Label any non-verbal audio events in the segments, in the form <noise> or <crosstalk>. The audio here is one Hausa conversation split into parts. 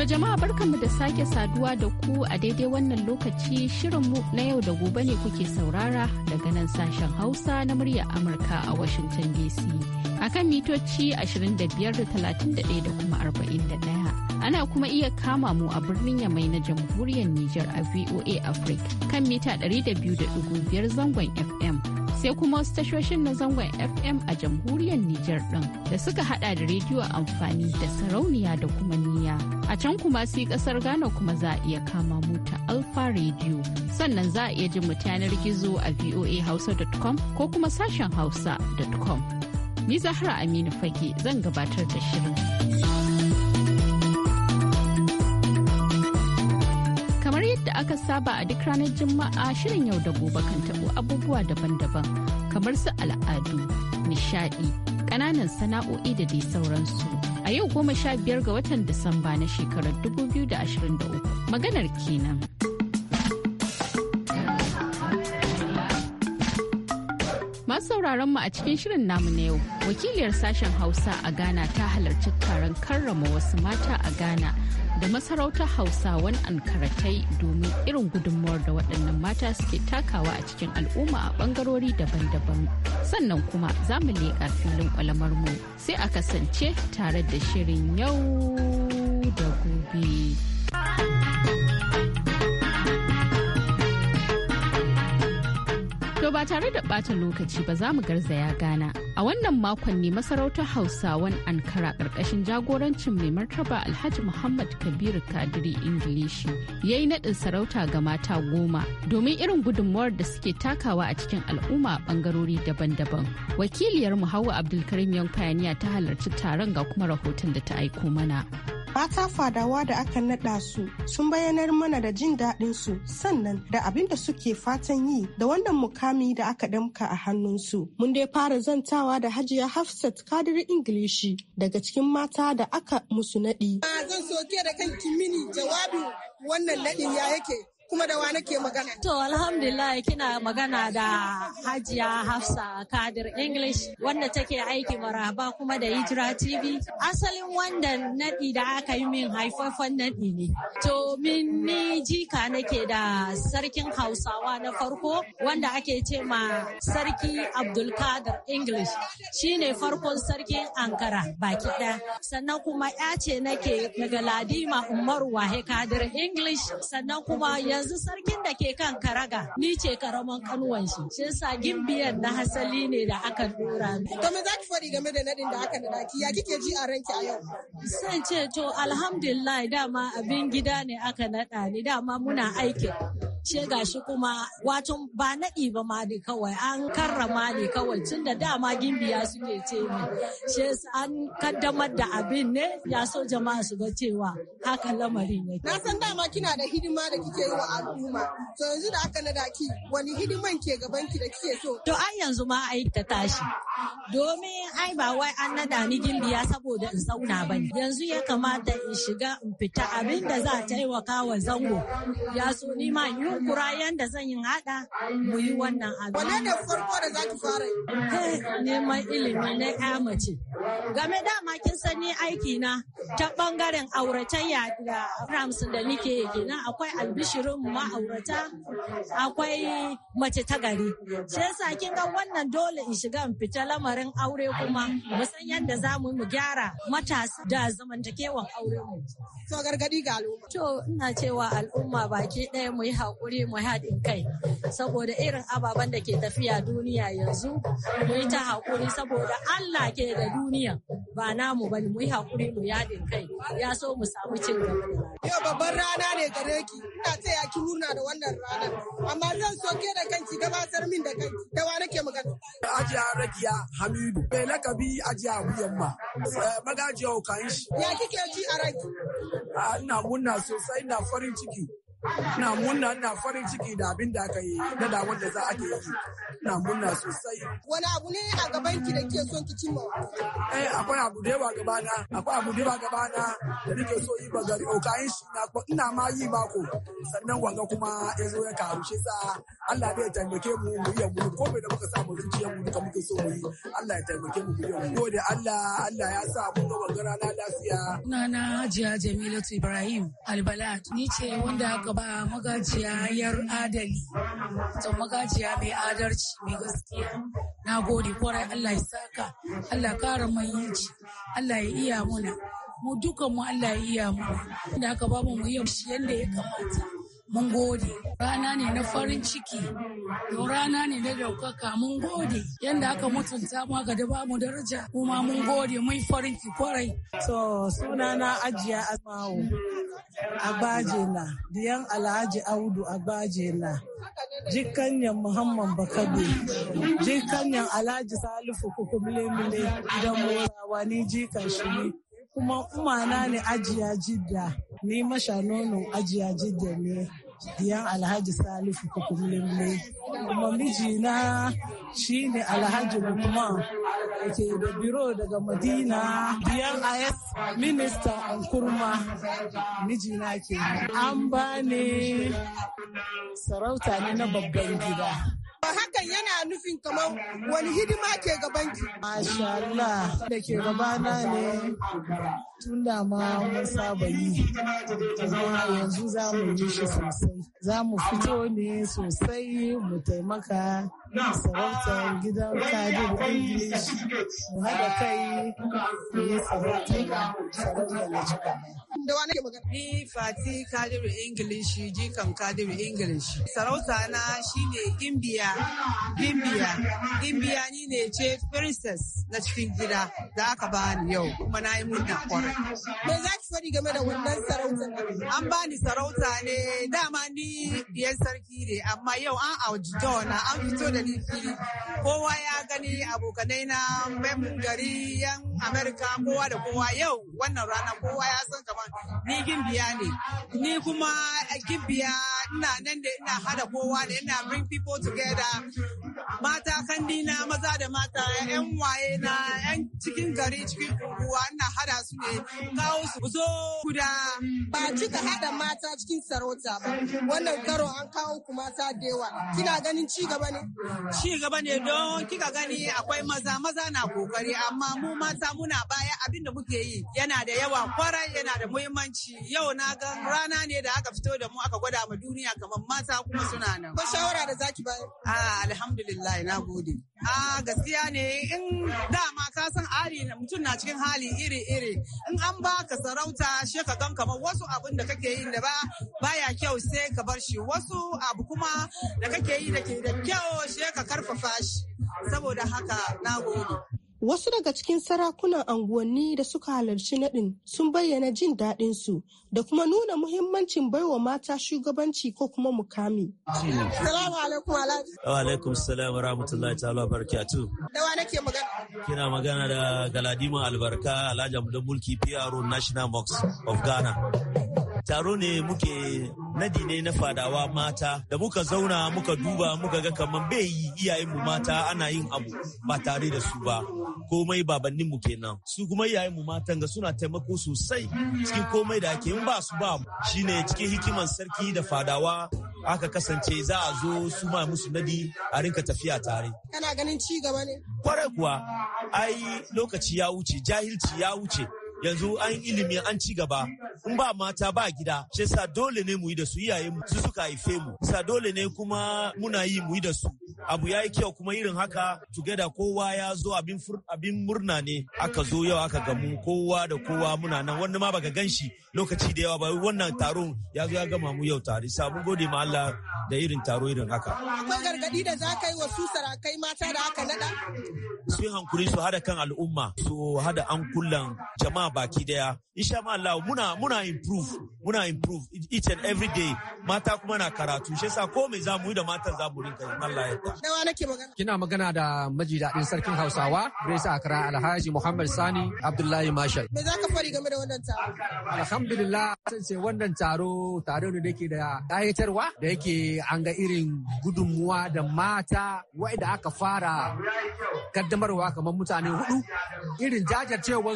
To jama'a barkanmu da sake saduwa da ku a daidai wannan lokaci mu na yau da gobe ne kuke saurara daga nan sashen Hausa na muryar Amurka a Washington DC. A kan mitoci 25.31 da kuma 41. Ana kuma iya kama mu a birnin Yamai na jamhuriyar Nijar a VOA Africa kan mita 200.5 zangon FM. sai kuma wasu tashoshin na zangon FM a jamhuriyar Nijar ɗin da suka hada da rediyo amfani da sarauniya da kuma niya. A can kuma sai kasar Ghana kuma za a iya kama mu ta Alfa Radio. Sannan za a iya jin mu yanar gizo a voahausa.com ko kuma sashen hausa.com. Ni Zahra Aminu Fage zan gabatar da shirin. aka saba a duk ranar Juma'a shirin yau da gobe kan tabo abubuwa daban-daban kamar su al'adu, nishadi, ƙananan sana'o'i da dai sauransu. A yau goma sha biyar ga watan Disamba na shekarar da 2023 maganar kenan. sauraron mu a cikin shirin namu na yau wakiliyar sashen hausa a ghana ta halarci taron karrama wasu mata a ghana da masarautar hausawan ankaratai domin irin gudunmawar da waɗannan mata suke takawa a cikin al'umma a ɓangarori daban-daban sannan kuma za mu leƙa filin mu sai a kasance tare da shirin yau da gobe. ba tare da ɓata lokaci ba za mu garzaya gana A wannan makon ne masarautar Hausawan Ankara ƙarƙashin jagorancin mai martaba Alhaji Muhammad Kabiru Kadiri Ingilishi ya yi naɗin sarauta ga mata goma domin irin gudunmuwar da suke takawa a cikin al'umma a ɓangarori daban-daban. Wakiliyar mu Abdulkarim Yan ta halarci taron ga kuma rahoton da ta aiko mana. fata fadawa da aka naɗa su sun bayanar mana da jin daɗin su sannan da abin da suke fatan yi da wannan mukami da aka damka a hannunsu. Mun dai fara zantawa da Hajiya Hafsat kadir Ingilishi daga cikin mata da aka musu naɗi. Zan soke da kanki mini jawabin wannan naɗin ya yake. kuma da wa nake magana. To alhamdulillah kina magana da Hajiya Hafsa Kadir English wanda take aiki maraba kuma da Hijira TV. Asalin wanda naɗi da aka yi min haifafan nadi ne. To min ni jika nake da sarkin Hausawa na farko wanda ake ce ma sarki Abdulkadir English shine farkon sarkin Ankara baki ɗaya. Sannan kuma ya ce nake daga Ladima Umaru Wahe Kadir English sannan kuma ya yanzu sarkin da ke kan karaga ni ce karaman kanuwan shi shi gimbiyan na hasali ne da aka dora ni to me zaki fadi game da nadin da aka nada ki ya kike ji a ranki a yau sai ce to alhamdulillah dama abin gida ne aka nada ni dama muna aikin ga gashi kuma wato ba naɗi ba ma ne kawai an karrama ne kawai tun da dama gimbiya suke ce ne. Shi an kaddamar da abin ne ya so jama'a su ga cewa haka lamarin ne. Na san dama kina da hidima da kike yi wa al'umma. To yanzu da aka nada ki wani hidiman ke gaban ki da kike so. To ai yanzu ma ai ta tashi. Domin ai ba wai an nada ni gimbiya saboda in zauna ba ne. Yanzu ya kamata in shiga in fita abin da za a taimaka wa zango. Ya so ni ma yi yunkura yanda zan yi hada mu yi wannan abu. Wane ne farko da za ki fara yi? Eh, neman ilimi na ya mace. Game dama kin sani aiki na ta bangaren auratayya da Rams da nike kenan akwai albishirin ma'aurata akwai mace ta gari. Shi yasa kin ga wannan dole in shiga in fita lamarin aure kuma mu san yadda za mu mu gyara matasa da zamantakewan aure mu. To gargadi ga al'umma. To ina cewa al'umma baki ɗaya mu yi haƙuri. haƙuri mu haɗin kai saboda irin ababen da ke tafiya duniya yanzu mu yi ta haƙuri saboda Allah ke da duniya ba namu ba mu yi haƙuri mu haɗin kai ya so mu samu cin gaba da Yau babban rana ne gare ki ina taya ki murna da wannan rana amma zan so ke da kanki gabatar min da kanki da wa nake magana. Ajiya Rakiya Hamidu bai lakabi Ajiya Buyamma eh, magajiya Okanshi. Ya kike ji a ranki? Ah, ina murna sosai ina farin ciki na munna na farin ciki da abin da aka yi na da wanda za a yi na munna sosai wani abu ne a gaban ki da ke son ki cimma eh akwai abu da yawa gabana akwai abu da yawa gabana da nake so yi ba gari okayin shi na ina ma yi mako sannan wanga kuma ya zo ya karu shi sa Allah zai taimake mu mu yi mu ko da muka samu zuciyar mu duka muke so mu yi Allah ya taimake mu mu yi da Allah Allah ya sa mu ga wanga na lafiya na na Hajiya Jamilatu Ibrahim Albalat ni ce wanda aka ba magajiya yar adali to magajiya mai adalci mai gaskiya na gode kwarai Allah ya saka Allah kara mayyanci Allah ya iya muna mu dukan mu Allah ya iya muna da aka ba mu mu yi yadda ya kamata mun gode rana ne na farin ciki yau rana ne na daukaka mun gode Yadda aka mutunta mu aka da bamu daraja kuma mun gode mun farin ki kwarai so na ajiya a abajela diyan alhaji audu abajela jikanyan muhammad bakabe jikanyan alhaji salifu kukumle mule idan morawa ni jikan shi kuma umana ne ajiya jidda ni masha nonon ajiya jidda ne diyan alhaji salifu lemle kuma mijina shi ne alhaji lukman da ke da biro daga madina diyan is minista kurma mijina ke an ba ne sarauta ne na babban gida hakan yana nufin kamar wani hidima ke gaban Masha Allah da ke gabana ne tun da ma mun saba yi kuma yanzu za mu yi shi sosai za mu fito ne sosai mu taimaka sarautar gidan da Ingilishi, mu haɗa kai mu yi sarautar da wani ke magana ni fati kadiru english jikan kadiru english sarauta na shine gimbiya gimbiya gimbiya ni ne ce princess na cikin gida da aka bani yau kuma na yi murna kwarai Me za ki faɗi game da wannan sarauta? An bani sarauta ne dama ni yan sarki ne amma yau an auji na an fito da ni fili. Kowa ya gani abokanai na mem gari yan Amerika kowa da kowa yau wannan rana kowa ya san kamar ni gimbiya ne. Ni kuma gimbiya ina nan da ina hada kowa da ina bring people together. Mata kandi maza da mata 'yan waye na 'yan cikin gari cikin unguwa ina su kawo su zo guda ba cika haɗa mata cikin sarauta ba wannan karo an kawo ku mata da yawa kina ganin ci gaba ne ci gaba ne don kika gani akwai maza maza na kokari amma mu mata muna baya abin da muke yi yana da yawa kwarai yana da muhimmanci yau na ga rana ne da aka fito da mu aka gwada ma duniya kamar mata kuma suna nan ko shawara da zaki bayar a alhamdulillah na gode a gaskiya ne in dama ka san ari mutum na cikin hali iri iri in an baka sarauta shi ka gan kamar wasu abin da kake yi da ba baya kyau sai ka bar shi wasu abu kuma da kake yi da ke da kyau shi ka karfafa shi saboda haka na gode Wasu daga cikin sarakunan anguwanni da suka halarci naɗin sun bayyana jin daɗin da kuma nuna muhimmancin baiwa mata shugabanci ko kuma mukami. Salamu alaikum alhaji. Wa alaikum salam wa ta'ala barakatu. Da wa nake magana? Kina magana da Galadima Albarka Alhaji Abdul Mulki PRO National Box of Ghana. taro ne muke nadi ne na fadawa mata da muka zauna muka duba muka ga kamar bai yi iyayenmu mata ana yin abu ba tare da su ba komai babanninmu kenan su kuma iyayenmu matan ga suna taimako sosai cikin komai da ake ba su ba shine cikin hikiman sarki da fadawa aka kasance za a zo su ma musu nadi a rinka tafiya tare. Kana ganin ci gaba ne? Kwarai kuwa, ai lokaci ya wuce, jahilci ya wuce. yanzu an ilimi an ci gaba in ba mata ba gida shi sa dole ne mu yi da su iyaye mu su suka haife mu sa dole ne kuma muna yi mu yi da su abu ya yi kyau kuma irin haka together, kowa ya zo abin murna ne aka zo yau aka gamu kowa da kowa muna nan wanda ma baka gan shi lokaci da yawa ba wannan taron ya zo ya gama mu yau tare sabon gode ma Allah da irin taro irin haka akwai gargadi da za yi wa su sarakai mata da aka nada su hankuri su hada kan al'umma su hada an kullan jama'a baki daya insha Allah muna muna improve muna improve each and every day mata kuma na karatu shi yasa ko me za mu yi da matan za mu rinka yin Allah ya ta kina magana da maji dadin sarkin Hausawa Grace Akra Alhaji Muhammad Sani Abdullahi Mashal me za ka fari game da wannan taro alhamdulillah san ce wannan taro taro ne da yake da kayatarwa da yake an ga irin gudunmuwa da mata wa'anda aka fara kaddamarwa kamar mutane hudu irin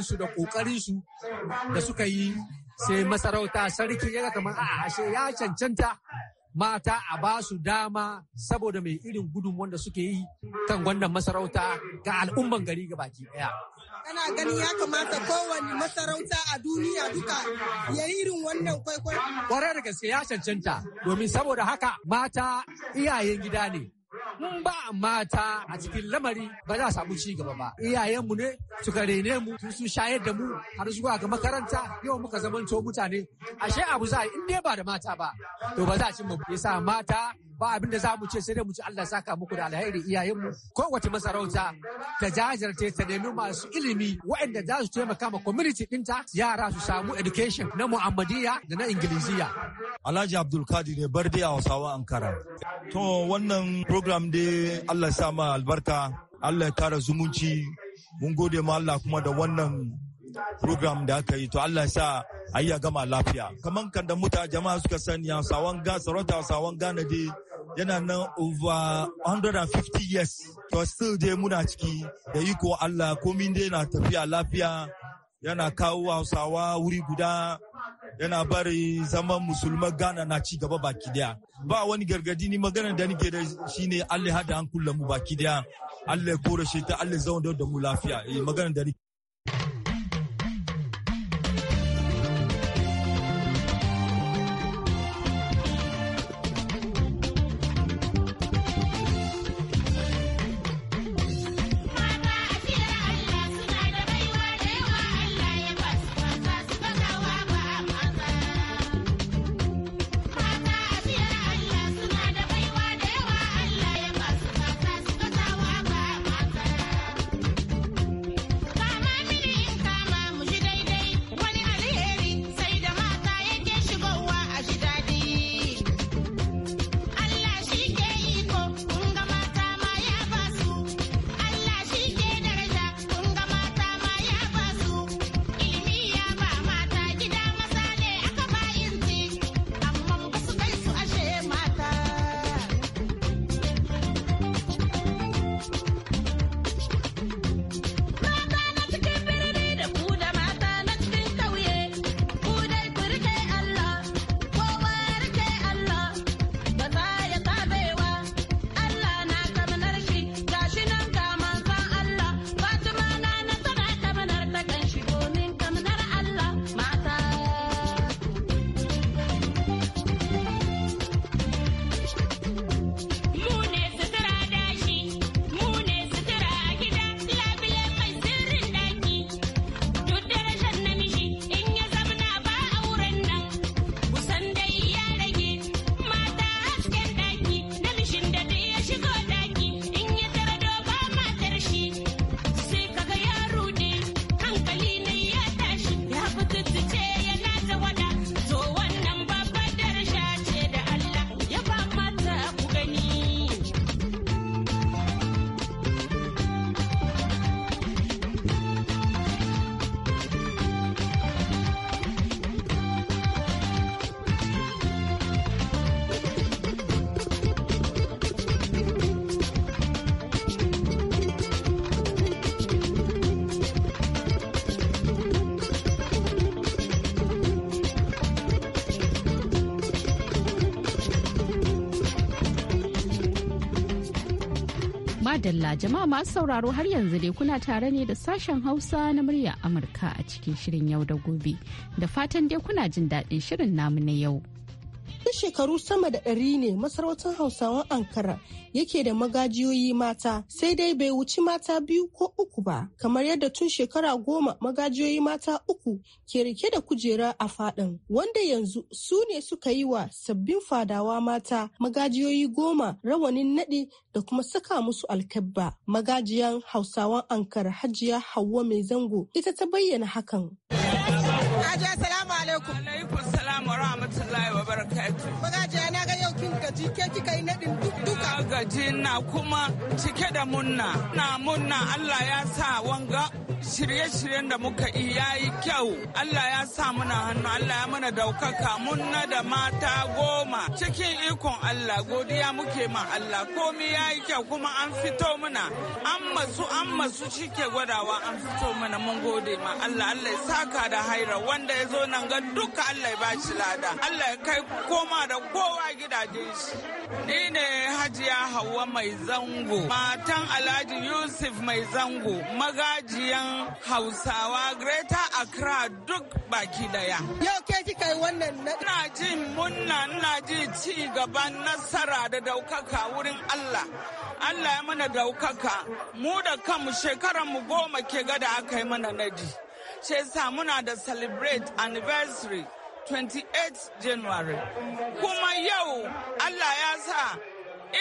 su da kokarin su da suka yi sai masarauta sarki ya kamar a ah, ashe ya cancanta mata a ba su dama saboda mai irin gudun wanda suke yi kan wannan masarauta ga al'umman gari ga baki daya. Kana gani ya kamata kowane masarauta a duniya duka ya yi irin wannan kwaikwayo? Kwarar da gaske ya cancanta domin saboda haka mata iyayen gida ne in ba mata a cikin lamari ba za a samu ci gaba ba iyayenmu ne suka rene mu tun sun shayar da mu har zuwa ga makaranta yau muka zamanto mutane ashe abu za in dai ba da mata ba to ba za a cimma yasa mata ba abin da za mu ce sai dai mu ci Allah saka muku da alheri iyayenmu kowace masarauta ta jajirce ta nemi masu ilimi waɗanda za su taimaka ma community ɗinta yara su samu education na mu'amadiyya da na ingiliziya. Alhaji Abdulkadir ne barde a Hausawa Ankara. To wannan program dai Allah ya sa albarka Allah ya kara zumunci mun gode ma Allah kuma da wannan program da aka yi to Allah sa ayi ya gama lafiya kaman kan da muta jama'a suka sani ya sawan ga sarauta sawan ga dai yana nan over 150 years to still dai muna ciki da iko Allah komai dai na tafiya lafiya yana kawo hausawa wuri guda yana bari zaman musulman Ghana na ci gaba baki daya. Ba wani gargadi ni magana da nike da shi ne Allah hada an kulla mu baki daya. Allah ya kore shi ta Allah zaun da mu lafiya. Eh magana da nike. madalla jama'a masu sauraro har yanzu dai kuna tare ne da sashen hausa na murya amurka a cikin shirin yau da gobe da fatan dai kuna jin daɗin shirin namu na yau Duk shekaru sama da ɗari ne masarautar Hausawan Ankara yake da magajiyoyi mata sai dai bai wuci mata biyu ko uku ba kamar yadda tun shekara goma magajiyoyi mata uku ke rike da kujera a faɗin wanda yanzu su ne suka yi wa sabbin fadawa mata magajiyoyi goma rawanin naɗi da kuma saka musu alkabba magajiyan hausawan ankara hajiya Hauwa mai zango ita ta bayyana hakan. Hajiya barakatu. Magajiya na ga yau kin gaji ke kika yi naɗin duk gaji kuma cike da munna na munna Allah ya sa wanga shirye-shiryen da muka yi ya yi kyau Allah ya sa muna hannu Allah ya mana daukaka munna da mata goma cikin ikon Allah godiya muke ma Allah komi ya yi kyau kuma an fito muna an masu an masu shike gwadawa an fito muna mun gode ma Allah Allah ya saka da haira wanda ya zo nan ga duka Allah ya bashi lada Allah ya kai koma da kowa gidajen shi ni ne hajiya hawa mai zango matan alhaji yusuf mai zango magajiyan hausawa greater accra duk baki daya yau ke kika yi wannan ina ji munna ina ji ci gaban nasara da daukaka wurin allah allah ya mana daukaka mu da kanmu shekaran mu goma ke gada aka yi mana naji. ce sa muna da celebrate anniversary 28 January. Kuma yau Allah ya sa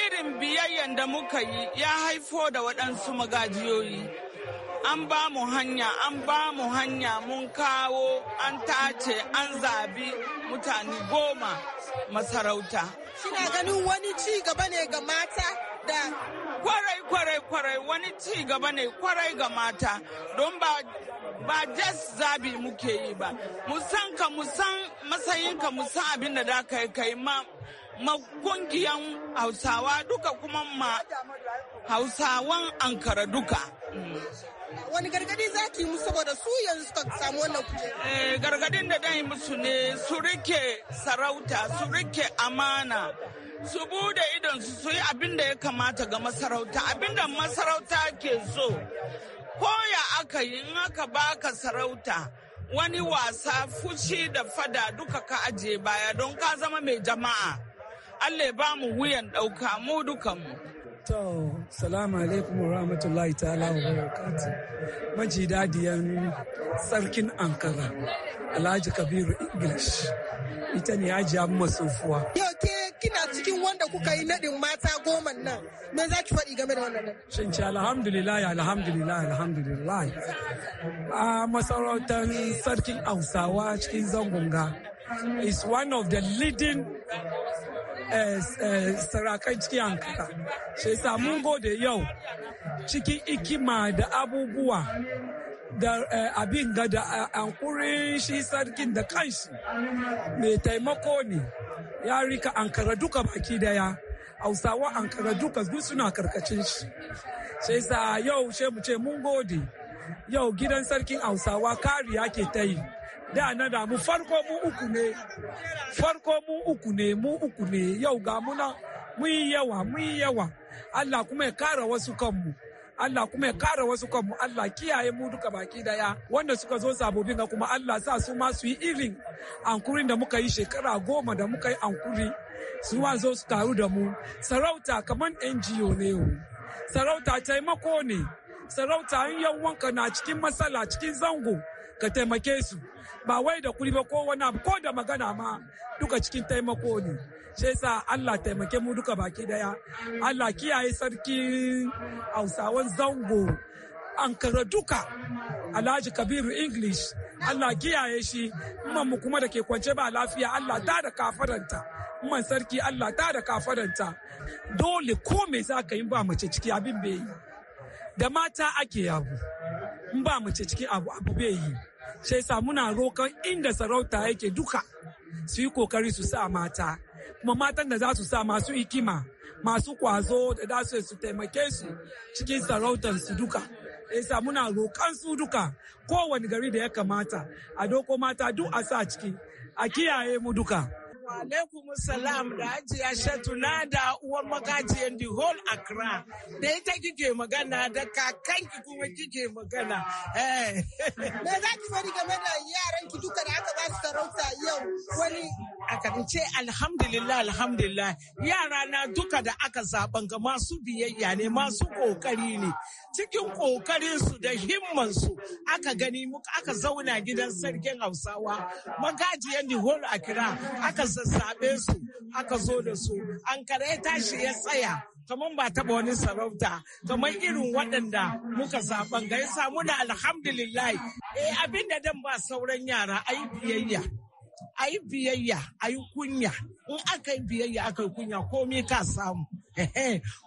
irin biyayyen da muka yi ya haifo da waɗansu magajiyoyi an ba mu hanya an ba mu hanya mun kawo an tace an zabi mutane goma masarauta kina ganin wani ci gaba ne ga mata da kwarai kwarai kwarai wani ci gaba ne kwarai ga mata don ba ba jes zabi muke yi ba musan ka musan masayinka musan abin da da kai kai makungiyan hausawa duka kuma ma hausawan ankara duka wani gargadi za ki musu saboda su yanzu suka samu wannan eh, gargadin da dan yi musu ne su rike sarauta su rike amana su bude idon su yi abin da ya kamata ga masarauta abin da masarauta ke so koya aka yi in aka baka sarauta wani wasa fushi da fada duka ka ajiye baya don ka zama mai jama'a Allah ya ba mu wuyan ɗauka mu dukanmu. To, salamu alaikum wa rahmatullahi ta'ala wa barakatu. Maji dadiyan sarkin Ankara, Alhaji Kabiru English, ita ne hajiya masufuwa. Yau ke kina cikin wanda kuka yi naɗin mata goma nan, me za ki faɗi game da wannan? Shin ce alhamdulillah, alhamdulillah, alhamdulillah. A masarautar sarkin Hausawa cikin zangonga is one of the leading Eh, eh, eh, sarakai cikin Ankara. Shi yasa mun gode yau cikin ikima da abubuwa da abin ga da ankurin shi sarkin da kanshi mai taimako ne ya rika Ankara duka baki daya. Hausawa Ankara duka duk suna karkacin shi. Sai sa yau she mu ce mun gode. Yau gidan sarkin Hausawa kariya ke ta yi. da na da mu farko mu uku ne farko mu uku ne mu uku ne yau ga muna mu yi yawa mu yi yawa Allah kuma ya kara wasu kanmu Allah kuma ya kara wasu kanmu Allah kiyaye mu duka baki daya wanda suka zo sabobin ga kuma Allah sa su ma su yi irin ankurin da muka yi shekara goma da muka yi ankuri su ma zo su taru da mu sarauta kamar NGO ne sarauta taimako ne sarauta yan wanka na cikin matsala cikin zango ka taimake su ba wai da kuri ba ko wani abu ko da magana ma duka cikin taimako ne sai sa Allah taimake mu duka baki daya Allah kiyaye sarki Hausawan zango Ankara duka Alhaji Kabiru English Allah kiyaye shi man mu kuma da ke kwance ba lafiya Allah ta da kafaranta man sarki Allah ta da kafaranta dole ko me za ka yi ba mace ciki abin bai yi da mata ake yabo, in ba mace cikin abu abu bai yi sai sa muna rokan inda sarauta yake duka su yi kokari su sa mata kuma matan da za su sa masu hikima masu kwazo da za su su taimake su cikin sarautar su duka sa muna roƙan su duka kowane gari da ya kamata a doko mata duk a sa ciki a kiyaye mu duka alaikum salam da hajiya na da uwar magajiyar the whole Accra. Da ita kike magana da kakanki kuma kike magana. Eh. Me za ki bari game da yaran ki duka da aka ba su sarauta yau wani a karance alhamdulillah alhamdulillah yara na duka da aka zaɓan ga masu biyayya ne masu ƙoƙari ne. cikin ƙoƙarinsu da himman su aka gani muka aka zauna gidan sarkin hausawa magajiyan the a kira aka sassabe su aka zo da su an kare tashi ya tsaya kamar ba ba wani sarauta kamar irin waɗanda muka zaɓen ga yasa muna alhamdulillah eh abin da dan ba sauran yara ayi biyayya ayi biyayya kunya in aka yi biyayya aka yi kunya komai ka samu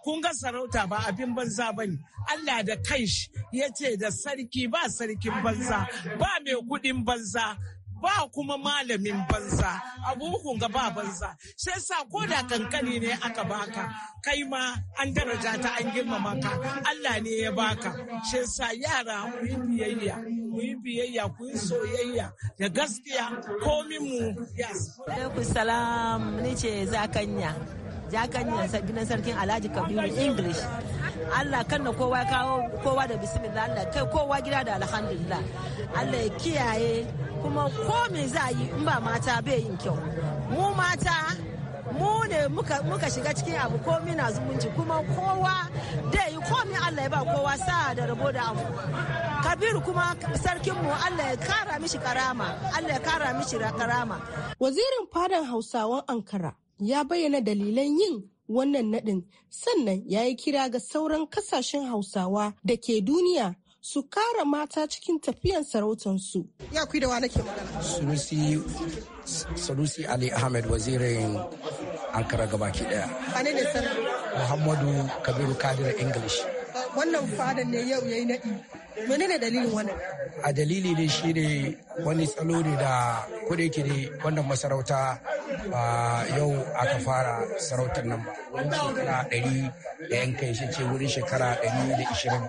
kun ga sarauta ba abin banza ba ne Allah da kanshi ya ce da sarki ba sarkin banza ba mai kudin banza ba kuma malamin banza abubuwan ga ba banza sai sa ko da kankani ne aka baka kai ma an daraja ta an girmama ka Allah ne ya baka sai sa yara ku yi biyayya ku yi biyayya ku yi soyayya da gaskiya komin mu ya salam ni ce zakanya jakan gidan sarkin alhaji kabiru english allah kan na kowa kawo kowa da bismillah allah kai kowa gida da alhamdulillah allah ya kiyaye kuma ko me za yi in ba mata bai yin kyau mu mata mu ne muka shiga cikin abu komi na zumunci kuma kowa dai yi komi Allah ya ba kowa sa da rabo da abu kabiru kuma sarkinmu Allah ya kara mishi karama Allah ya kara mishi karama wazirin fadan hausawan ankara ya bayyana dalilan yin wannan naɗin sannan ya yi kira ga sauran kasashen hausawa da ke duniya su kara mata cikin tafiyan sarautansu. Ya ku da wane ke magana? Ali Ahmed wazirin Ankara gabaki daya. Muhammadu Kabiru Kadir English. wannan fadan ne yau yayi naɗi ne dalilin wannan a dalili ne shi ne wani tsalo ne da kuɗe ke ne wannan masarauta yau aka fara sarautar nan shekara ɗari da yan kai shi ce wurin shekara ɗari da ishirin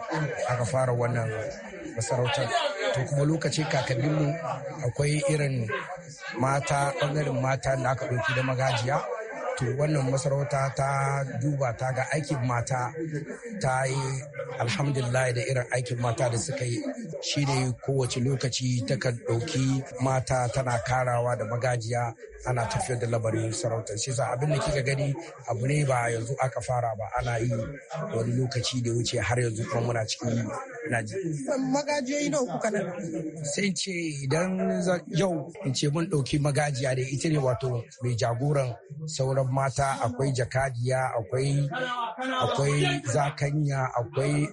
aka fara wannan masarautar to kuma lokaci kakanninmu akwai irin mata ɓangaren mata da aka ɗauki da magajiya to wannan masarauta ta duba ta ga aikin mata ta yi alhamdulillah da irin aikin mata da suka yi shi ne kowace lokaci takan ɗauki mata tana karawa da magajiya ana tafiyar da labarin sarautar shi abin da kika gani abu ne ba yanzu aka fara ba ana yi wani lokaci da wuce har yanzu kuma muna cikin magajiyoyi nawa kuka nan sai ce idan yau in ce mun ɗauki magajiya da ita ne wato mai jagoran sauran kan mata akwai jakadiya akwai akwai zakanya akwai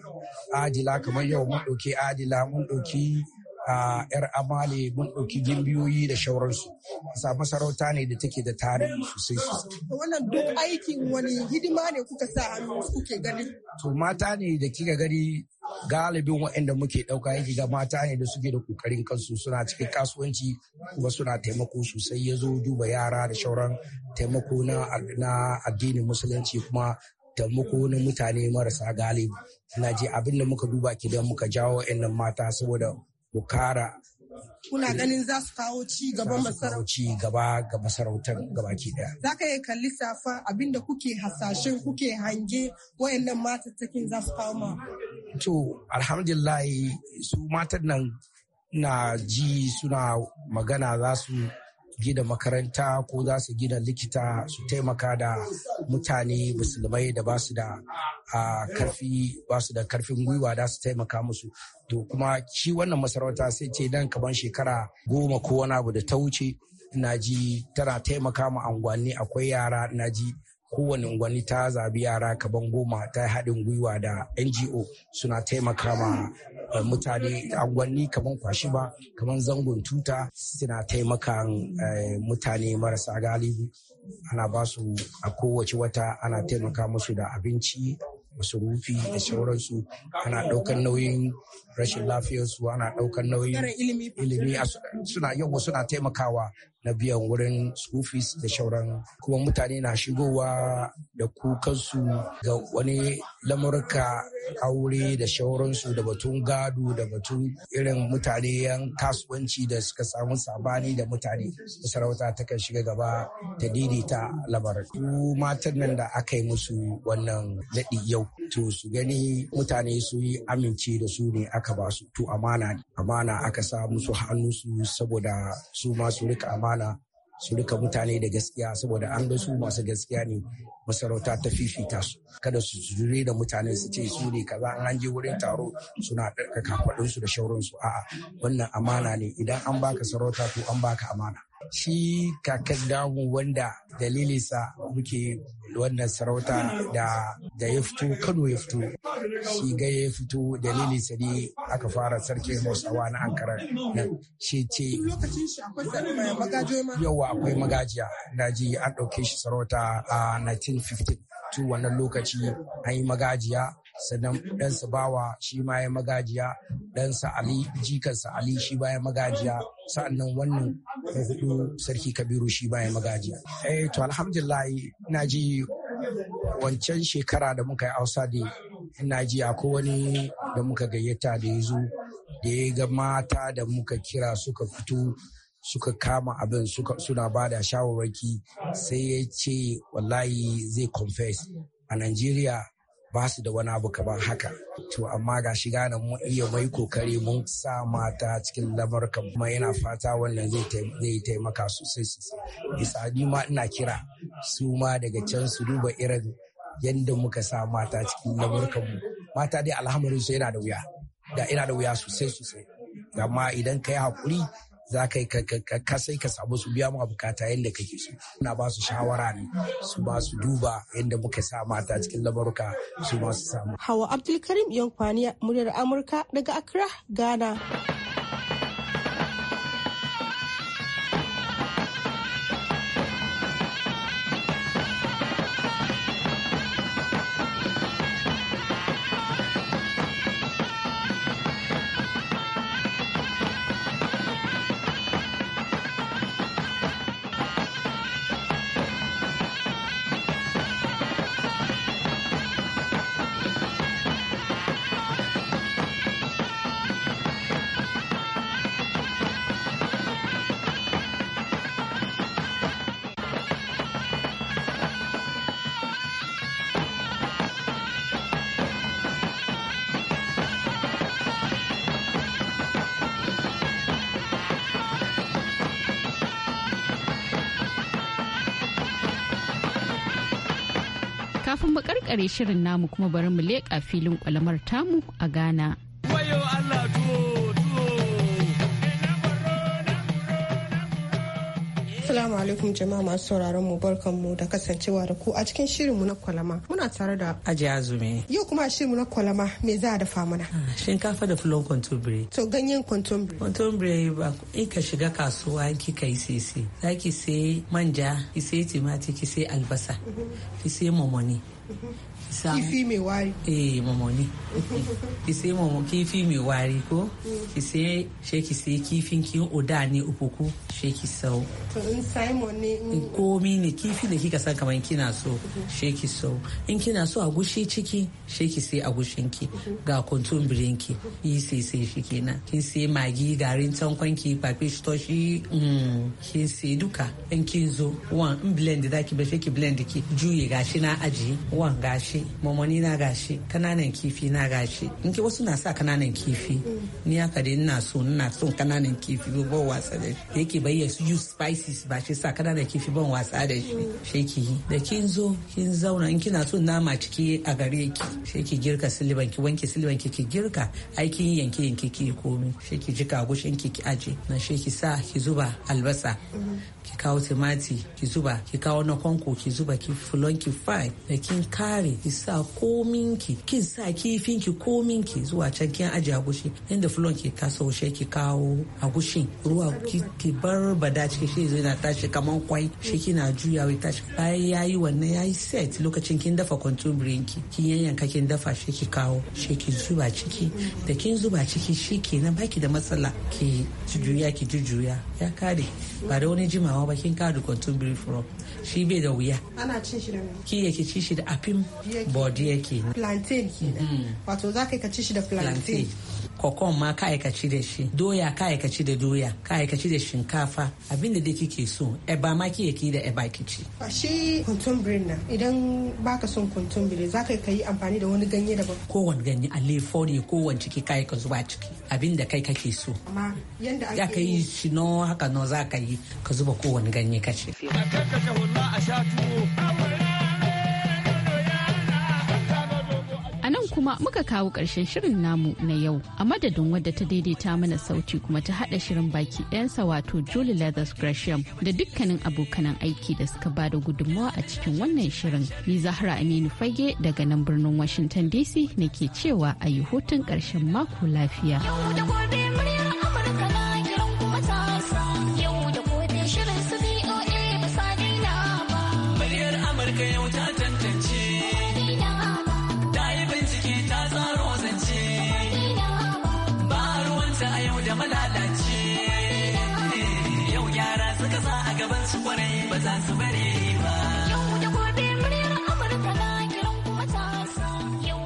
adila kamar yau mun ɗauki adila mun ɗauki a yar amali mun ɗauki gimbiyoyi da shauransu sa masarauta ne da take da tarihi sosai sosai wannan duk aikin wani hidima ne kuka sa hannu kuke gani to mata ne da kika gani galibin waɗanda muke ɗauka yake ga mata ne da suke da ƙoƙarin kansu suna cikin kasuwanci kuma suna taimako sosai ya zo duba yara da shauran taimako na addinin musulunci kuma taimako na mutane marasa galibi na je abin da muka duba kidan muka jawo waɗannan mata saboda mu kuna ganin za su kawo ci gaba masarautar ci gaba ga masarautar gabaki daya za ka yi kalli safa abinda kuke hasashen kuke hange wayannan matattakin za su kawo ma To, alhamdulillah su matan nan na ji suna magana za su gida makaranta ko za su gina likita su taimaka da mutane musulmai da ba su da karfi ba su da karfin gwiwa da su taimaka musu to kuma shi wannan masarauta sai ce nan kaman shekara goma ko wani abu da ta wuce na ji tana taimaka ma angwanni akwai yara na ji kowane unguwanni ta zabi yara kaban goma ta haɗin gwiwa da ngo suna taimaka ma eh, mutane unguwanni kaman kwashi ba kaman zangon tuta suna taimaka eh, mutane marasa galibi ana ba su a kowace wata ana taimaka musu da abinci masurufi da sauransu ana ɗaukar nauyin rashin lafiyarsu ana ɗaukar nauyin ilimi suna yau suna taimakawa na biyan wurin sufis da shauran kuma mutane na shigowa da kukansu ga wani lamurka aure da shauransu da batun gado da batun irin mutane yan kasuwanci da suka samu sabani da mutane masarauta ta kan shiga gaba ta daidaita lamarin matan nan da aka yi musu wannan daɗi yau to su gani mutane su yi amince da su ne aka ba su to amana ne. amana aka sa musu hannu su saboda su ma su rika amana su rika mutane da gaskiya saboda an ga su masu gaskiya ne masarauta ta fifita su kada su jure da mutane su ce su ne kaza an je wurin taro suna ɗarkaka su da shauransu a'a wannan amana ne idan an baka sarauta to an baka amana shi kakar damu wanda dalilinsa muke wannan sarauta da ya fito kano ya fito shi ga ya fito dalilin sa ne aka fara sarkin hausawa na ankara shi ce yawa akwai magajiya na ji an ɗauke shi sarauta a 1950, tu wannan lokaci an yi magajiya sannan ɗansa bawa shi ma ya magajiya ɗansa ali jikansa ali shi ba ya magajiya sa'annan wannan hudu sarki kabiru shi ba ya magajiya eh to alhamdulillah ina ji wancan shekara da muka yi hausa da ina ji akwai wani da muka gayyata da ya zo da ya ga mata da muka kira suka fito suka kama abin suna ba da shawarwaki sai ya ce wallahi zai confess a Najeriya ba su da wani abu kamar haka to amma ga shiga da mu iya mai kokari mun sa mata cikin lamarka kuma yana fata wannan zai taimaka sosai sosai bisa ni ma ina kira su ma daga can su duba irin yadda muka sa mata cikin lamar mu mata dai alhamdulillah yana da wuya da ina da wuya sosai sosai amma idan ka yi haƙuri za ka yi ka sai ka samu su biya ma bukata yadda kake so na ba su shawara ne su ba su duba yadda muka sa mata cikin labaruka su ma su samu hawa abdulkarim yankwani muryar amurka daga Akra, ghana kare shirin namu kuma bari mu leƙa filin kwalamar tamu a Ghana. Assalamu alaikum jama'a masu sauraron mu barkan mu da kasancewa da ku a cikin shirinmu na kwalama. muna tare da aji azumi yau kuma shirin na kwalama me za a dafa mana ah, shinkafa da fulon contumbre to ganyen contumbre contumbre ba in ka shiga kasuwa ki kai sisi ki sai manja ki sai timati ki sai albasa mhm. ki sai momoni mhm. kifi mai wari eh momoni <laughs> ki sai momo kifi mai wari ko mm. ki sai she ki sai kifin ki oda ne upuku she ki sau to in sai ne komi ne kifi da kika san kaman kina so mhm. she ki sau in kina so a gushe ciki shi ki sai a gushen ki ga kuntun birin ki yi sai sai shi kenan kin sai magi garin tankon ki papi shi toshi mm, kin sai duka in kin zo wan in blend da ki bashe ki blend ki juye gashi na aji wan gashi momoni na gashi kananan kifi na gashi in ki wasu na sa kananan kifi ni aka dai ina so ina so kananan kifi ba wasa da shi yake bayyana su use spices ba shi sa kananan kifi ban wasa da shi shi ki da kin zo kin zauna in kina so nama ciki a gare ki sai ki girka silban ki wanke silban ki ki girka aikin yanke yanke ki komi sai ki jika gushin ki ki aje na sai ki sa ki zuba albasa ki kawo timati ki zuba ki kawo na konko ki zuba ki fulon ki fai da kin kare ki sa komin ki kin sa kifin ki komin ki zuwa can kin aje agushi inda fulon ki taso saushe ki kawo agushin ruwa ki bar bada ciki shi zai tashi kaman kwai shi kina juyawa tashi bayan yayi wannan yayi set lokacin kin da dafa kwantum birinki kin yanyanka kin dafa shi ki kawo shi ki zuba ciki da kin zuba ciki shi ke na baki da matsala ki juya ki jujjuya ya kare ba da wani jimawa ba kin kare kwantum biri from shi bai da wuya ana cin shi da ki yake ci shi da afim body yake plantain ki mm. wato za ka ci shi da plantain kokon ma ka ci da shi doya ka ci da doya ka ci da shinkafa abinda da kike so e ba ma ki da e ba ki ci shi kuntumbirin na idan baka son kuntumbiri za ka yi amfani da wani ganye daban wani ganye alefo ne wani ciki ka ka zuba ciki abinda kai kake so amma yanda ake ka yi shi no haka no za ka yi ka zuba wani ganye ka ce a sha tuwo kuma muka kawo ƙarshen shirin namu na yau a madadin wadda ta daidaita mana sauti kuma ta haɗa shirin baki ɗayansa wato Julie Leathers Gresham da dukkanin abokanan aiki da suka ba da gudunmawa a cikin wannan shirin. Ni Zahra Aminu Fage daga nan birnin Washington DC nake cewa a yi hutun ƙarshen mako lafiya. Yau da gobe Amurka.